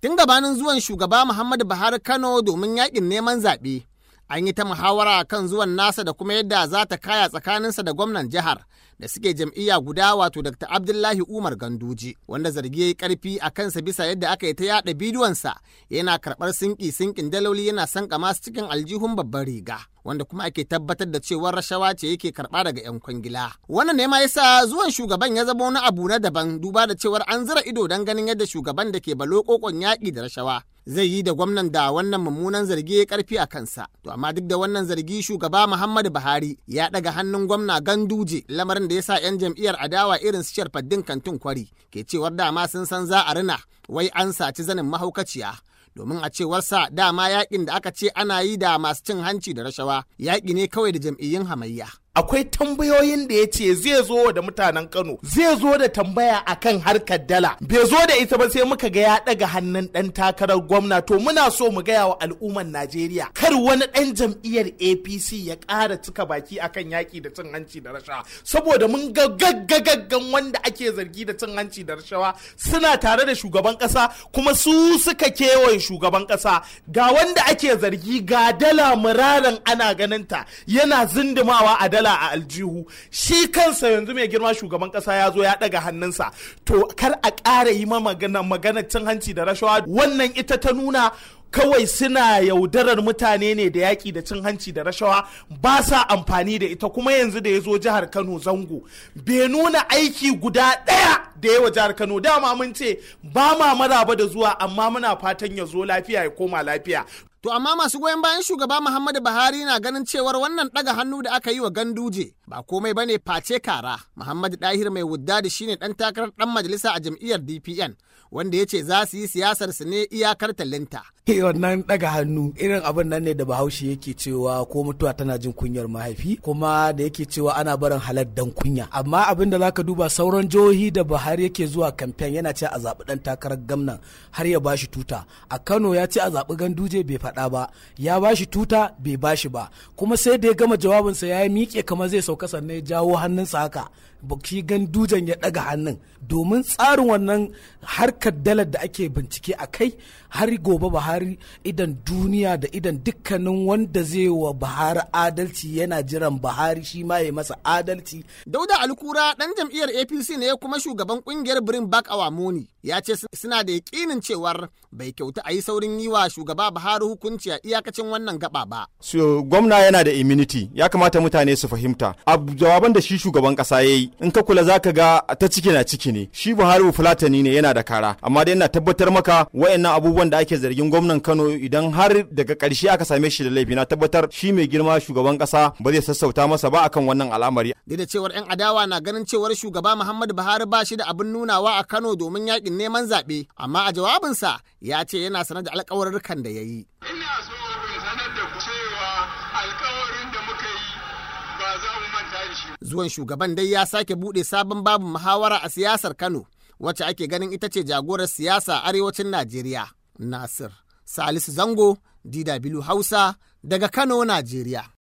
tun gabanin zuwan shugaba Muhammadu Buhari Kano domin yakin neman zaɓe. an yi ta muhawara kan zuwan nasa da kuma yadda za ta kaya tsakaninsa da gwamnan jihar da suke jam'iyya guda wato dr abdullahi umar ganduji wanda zargi ya yi karfi a kansa bisa yadda aka yi ta yada bidiyonsa yana karbar sinki sinkin daloli yana sanka masu cikin aljihun babban riga wanda kuma ake tabbatar da cewa rashawa ce yake karba daga yan kwangila wannan ne ma yasa zuwan shugaban ya zama wani abu na daban duba da cewar an zira ido don ganin yadda shugaban da ke balo kokon yaƙi da rashawa zai yi da gwamnan da wannan mummunan zargi ya karfi a kansa to amma duk da wannan zargi shugaba muhammadu buhari ya daga hannun gwamna ganduje lamarin da ya sa 'yan jam'iyyar adawa irin su sharfaddin kantin kwari ke cewar dama sun san za a rina wai an saci zanin mahaukaciya domin a cewarsa dama yakin da aka ce ana yi da masu cin hanci da rashawa yaƙi ne kawai da jam'iyyun hamayya akwai tambayoyin da ya ce zai zo da mutanen Kano zai zo da tambaya akan harkar dala bai zo da ita ba sai muka ga ya daga hannun dan takarar gwamna to muna so mu gaya wa al'ummar Najeriya kar wani dan jam'iyyar APC ya ƙara cika baki akan yaki da cin hanci da rashawa saboda mun ga gaggagaggan wanda ake zargi da cin hanci da rashawa suna tare da shugaban kasa kuma su suka kewaye shugaban kasa ga wanda ake zargi ga dala muraran ana ganinta yana zindimawa a dala Allah a aljihu shi kansa yanzu mai girma shugaban kasa ya zo ya daga hannunsa to kar a kara yi ma magana magana cin hanci da rashawa wannan ita ta nuna kawai suna yaudarar mutane ne da yaƙi da cin hanci da rashawa ba sa amfani da ita kuma yanzu da ya zo jihar kano zango bai nuna aiki guda ɗaya da yawa jihar kano dama mun ce ba ma maraba da zuwa amma muna fatan ya zo lafiya ya koma lafiya To amma masu goyon bayan shugaba Muhammadu Buhari na ganin cewar wannan ɗaga hannu da aka yi wa ganduje ba komai bane face kara. Muhammadu Dahir mai wudda da shine ɗan takarar ɗan majalisa a jam'iyyar DPN wanda ya ce za su yi siyasar su ne iyakar talinta. Eh, wannan ɗaga hannu irin abin nan ne da Bahaushe yake cewa ko mutuwa tana jin kunyar mahaifi kuma da yake cewa ana barin halar dan kunya. Amma abin da zaka duba sauran jihohi da Buhari yake zuwa kamfen yana ce a zaɓi ɗan takarar gamnan har ya bashi tuta. A Kano ya ce a zaɓi ganduje bai faɗa ba ya bashi tuta bai bashi ba kuma sai da ya gama jawabinsa ya yi miƙe kamar zai sauka sannan ya jawo hannunsa haka shi gan dujan ya ɗaga hannun domin tsarin wannan harkar dalar da ake bincike a kai har gobe buhari idan duniya da idan dukkanin wanda zai wa buhari adalci yana jiran buhari shi ma ya masa adalci dauda alkura ɗan jam'iyyar apc ne kuma shugaban kungiyar birin back our money ya ce suna da yakinin cewar bai kyauta a yi saurin yi wa shugaba buhari hukunci a iyakacin wannan gaba ba. So gwamna yana da immunity ya kamata mutane su fahimta. A jawaban da shi shugaban kasa ya yi in ka kula zaka ga ta ciki na ciki ne. Shi Buhari Fulatani ne yana da kara amma dai yana tabbatar maka wayannan abubuwan da ake zargin gwamnan Kano idan har daga ƙarshe aka same shi da laifi na tabbatar shi mai girma shugaban kasa ba zai sassauta masa ba akan wannan al'amari. Duk da cewar 'yan adawa na ganin cewar shugaba Muhammadu Buhari ba shi da abin nunawa a Kano domin yakin neman zaɓe amma a jawabinsa ya ce yana sanar da kan da ya yi. Zuwan shugaban dai ya sake buɗe sabon babu muhawara a siyasar Kano, wacce ake ganin ita ce jagorar siyasa arewacin Najeriya. Nasir Salisu Zango, DW Hausa, daga Kano, Najeriya.